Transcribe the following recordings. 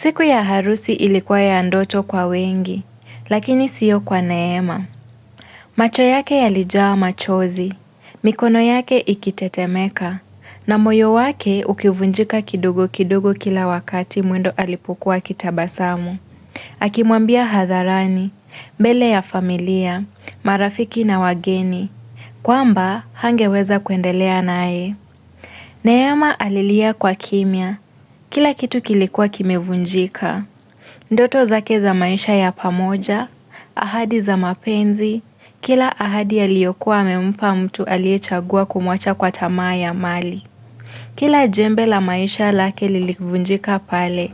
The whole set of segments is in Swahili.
Siku ya harusi ilikuwa ya ndoto kwa wengi, lakini sio kwa Neema. Macho yake yalijaa machozi, mikono yake ikitetemeka, na moyo wake ukivunjika kidogo kidogo kila wakati Mwendo alipokuwa akitabasamu. Akimwambia hadharani, mbele ya familia, marafiki na wageni, kwamba hangeweza kuendelea naye. Neema alilia kwa kimya, kila kitu kilikuwa kimevunjika. Ndoto zake za maisha ya pamoja, ahadi za mapenzi, kila ahadi aliyokuwa amempa mtu aliyechagua kumwacha kwa tamaa ya mali. Kila jembe la maisha lake lilivunjika pale.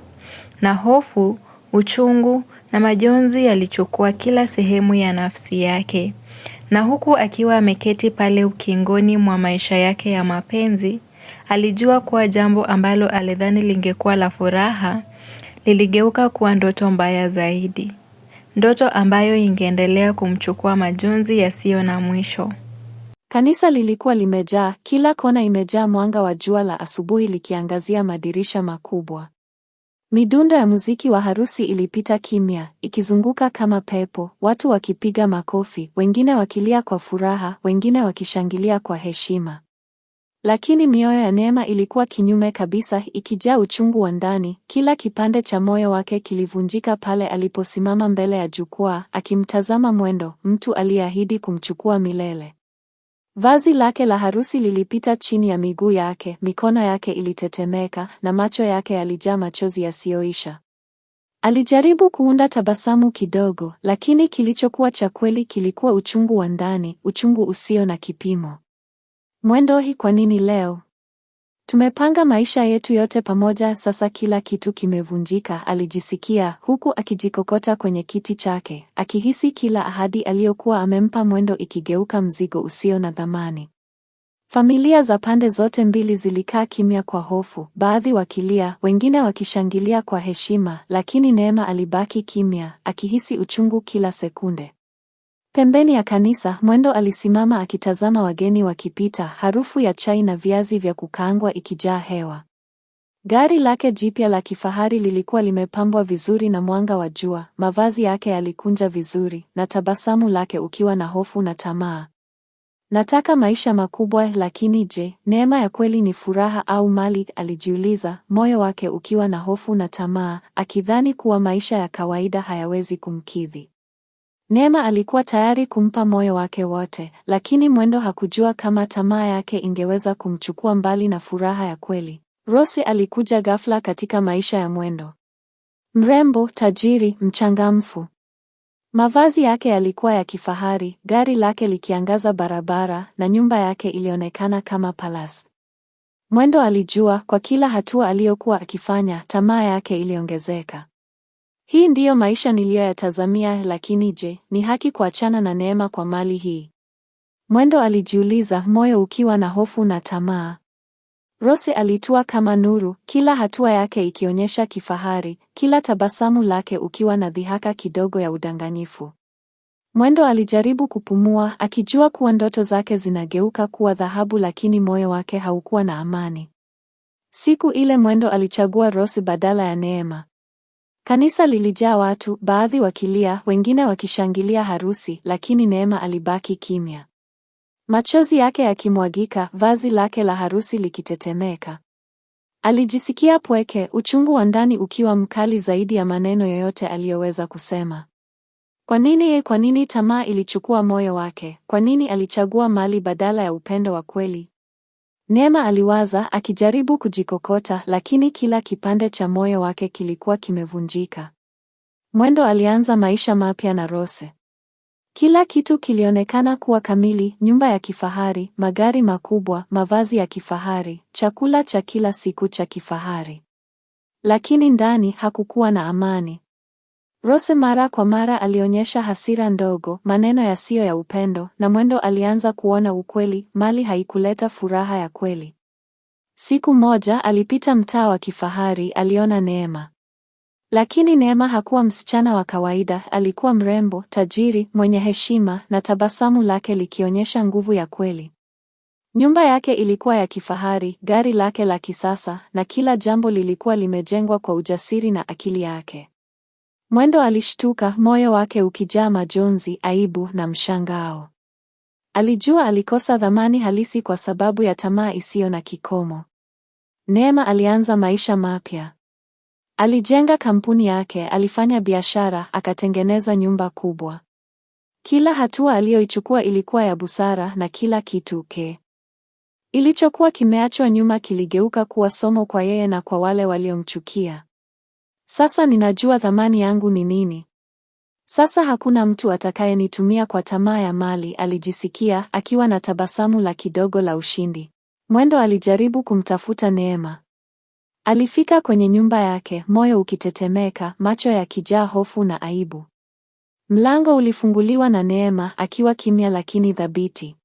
Na hofu, uchungu na majonzi yalichukua kila sehemu ya nafsi yake. Na huku akiwa ameketi pale ukingoni mwa maisha yake ya mapenzi, Alijua kuwa jambo ambalo alidhani lingekuwa la furaha, liligeuka kuwa ndoto mbaya zaidi. Ndoto ambayo ingeendelea kumchukua majonzi yasiyo na mwisho. Kanisa lilikuwa limejaa, kila kona imejaa mwanga wa jua la asubuhi likiangazia madirisha makubwa. Midundo ya muziki wa harusi ilipita kimya, ikizunguka kama pepo, watu wakipiga makofi, wengine wakilia kwa furaha, wengine wakishangilia kwa heshima. Lakini mioyo ya Neema ilikuwa kinyume kabisa, ikijaa uchungu wa ndani. Kila kipande cha moyo wake kilivunjika pale aliposimama mbele ya jukwaa, akimtazama Mwendo, mtu aliyeahidi kumchukua milele. Vazi lake la harusi lilipita chini ya miguu yake, mikono yake ilitetemeka na macho yake yalijaa machozi yasiyoisha. Alijaribu kuunda tabasamu kidogo, lakini kilichokuwa cha kweli kilikuwa uchungu wa ndani, uchungu usio na kipimo. Mwendohi, kwa nini leo? Tumepanga maisha yetu yote pamoja, sasa kila kitu kimevunjika, alijisikia huku akijikokota kwenye kiti chake, akihisi kila ahadi aliyokuwa amempa Mwendo ikigeuka mzigo usio na thamani. Familia za pande zote mbili zilikaa kimya kwa hofu, baadhi wakilia, wengine wakishangilia kwa heshima, lakini Neema alibaki kimya, akihisi uchungu kila sekunde. Pembeni ya kanisa, Mwendo alisimama akitazama wageni wakipita, harufu ya chai na viazi vya kukaangwa ikijaa hewa. Gari lake jipya la kifahari lilikuwa limepambwa vizuri na mwanga wa jua, mavazi yake yalikunja vizuri na tabasamu lake ukiwa na hofu na tamaa. Nataka maisha makubwa, lakini je, neema ya kweli ni furaha au mali? Alijiuliza, moyo wake ukiwa na hofu na tamaa, akidhani kuwa maisha ya kawaida hayawezi kumkidhi. Neema alikuwa tayari kumpa moyo wake wote, lakini Mwendo hakujua kama tamaa yake ingeweza kumchukua mbali na furaha ya kweli. Rose alikuja ghafla katika maisha ya Mwendo. Mrembo, tajiri, mchangamfu. Mavazi yake yalikuwa ya kifahari, gari lake likiangaza barabara na nyumba yake ilionekana kama palace. Mwendo alijua kwa kila hatua aliyokuwa akifanya, tamaa yake iliongezeka. Hii ndiyo maisha niliyoyatazamia, lakini je, ni haki kuachana na neema kwa mali hii? Mwendo alijiuliza, moyo ukiwa na hofu na tamaa. Rose alitua kama nuru, kila hatua yake ikionyesha kifahari, kila tabasamu lake ukiwa na dhihaka kidogo ya udanganyifu. Mwendo alijaribu kupumua, akijua kuwa ndoto zake zinageuka kuwa dhahabu, lakini moyo wake haukuwa na amani. Siku ile Mwendo alichagua Rose badala ya Neema. Kanisa lilijaa watu, baadhi wakilia, wengine wakishangilia harusi, lakini Neema alibaki kimya, machozi yake yakimwagika, vazi lake la harusi likitetemeka. Alijisikia pweke, uchungu wa ndani ukiwa mkali zaidi ya maneno yoyote aliyoweza kusema. Kwa nini ye? Kwa nini tamaa ilichukua moyo wake? Kwa nini alichagua mali badala ya upendo wa kweli? Neema aliwaza akijaribu kujikokota, lakini kila kipande cha moyo wake kilikuwa kimevunjika. Mwendo alianza maisha mapya na Rose. Kila kitu kilionekana kuwa kamili: nyumba ya kifahari, magari makubwa, mavazi ya kifahari, chakula cha kila siku cha kifahari. Lakini ndani hakukuwa na amani. Rose mara kwa mara alionyesha hasira ndogo, maneno yasiyo ya upendo, na Mwendo alianza kuona ukweli, mali haikuleta furaha ya kweli. Siku moja alipita mtaa wa kifahari, aliona Neema. Lakini Neema hakuwa msichana wa kawaida, alikuwa mrembo, tajiri, mwenye heshima na tabasamu lake likionyesha nguvu ya kweli. Nyumba yake ilikuwa ya kifahari, gari lake la kisasa na kila jambo lilikuwa limejengwa kwa ujasiri na akili yake. Mwendo alishtuka, moyo wake ukijaa majonzi, aibu na mshangao. Alijua alikosa thamani halisi kwa sababu ya tamaa isiyo na kikomo. Neema alianza maisha mapya. Alijenga kampuni yake, alifanya biashara, akatengeneza nyumba kubwa. Kila hatua aliyoichukua ilikuwa ya busara na kila kitu ke ilichokuwa kimeachwa nyuma kiligeuka kuwa somo kwa yeye na kwa wale waliomchukia. Sasa ninajua thamani yangu ni nini. Sasa hakuna mtu atakayenitumia kwa tamaa ya mali, alijisikia akiwa na tabasamu la kidogo la ushindi. Mwendo alijaribu kumtafuta Neema. Alifika kwenye nyumba yake, moyo ukitetemeka, macho yakijaa hofu na aibu. Mlango ulifunguliwa na Neema akiwa kimya lakini thabiti.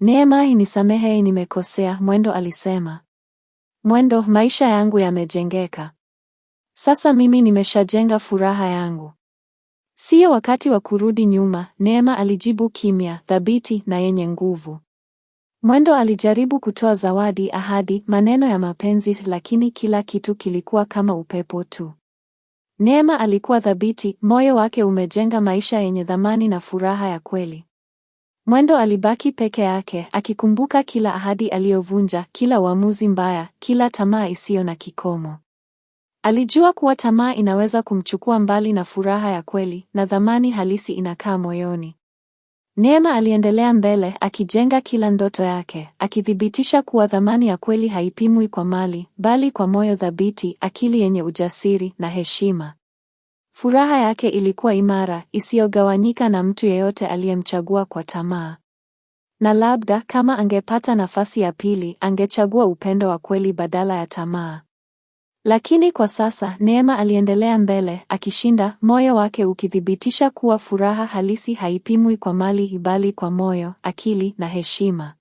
Neema, nisamehe, nimekosea, Mwendo alisema. Mwendo, maisha yangu yamejengeka. Sasa mimi nimeshajenga furaha yangu, siyo wakati wa kurudi nyuma, Neema alijibu kimya, thabiti na yenye nguvu. Mwendo alijaribu kutoa zawadi, ahadi, maneno ya mapenzi, lakini kila kitu kilikuwa kama upepo tu. Neema alikuwa thabiti, moyo wake umejenga maisha yenye dhamani na furaha ya kweli. Mwendo alibaki peke yake, akikumbuka kila ahadi aliyovunja, kila uamuzi mbaya, kila tamaa isiyo na kikomo. Alijua kuwa tamaa inaweza kumchukua mbali na furaha ya kweli, na dhamani halisi inakaa moyoni. Neema aliendelea mbele, akijenga kila ndoto yake, akithibitisha kuwa dhamani ya kweli haipimwi kwa mali, bali kwa moyo thabiti, akili yenye ujasiri na heshima. Furaha yake ilikuwa imara, isiyogawanyika na mtu yeyote aliyemchagua kwa tamaa. Na labda kama angepata nafasi ya pili, angechagua upendo wa kweli badala ya tamaa. Lakini kwa sasa Neema aliendelea mbele, akishinda, moyo wake ukithibitisha kuwa furaha halisi haipimwi kwa mali bali kwa moyo, akili na heshima.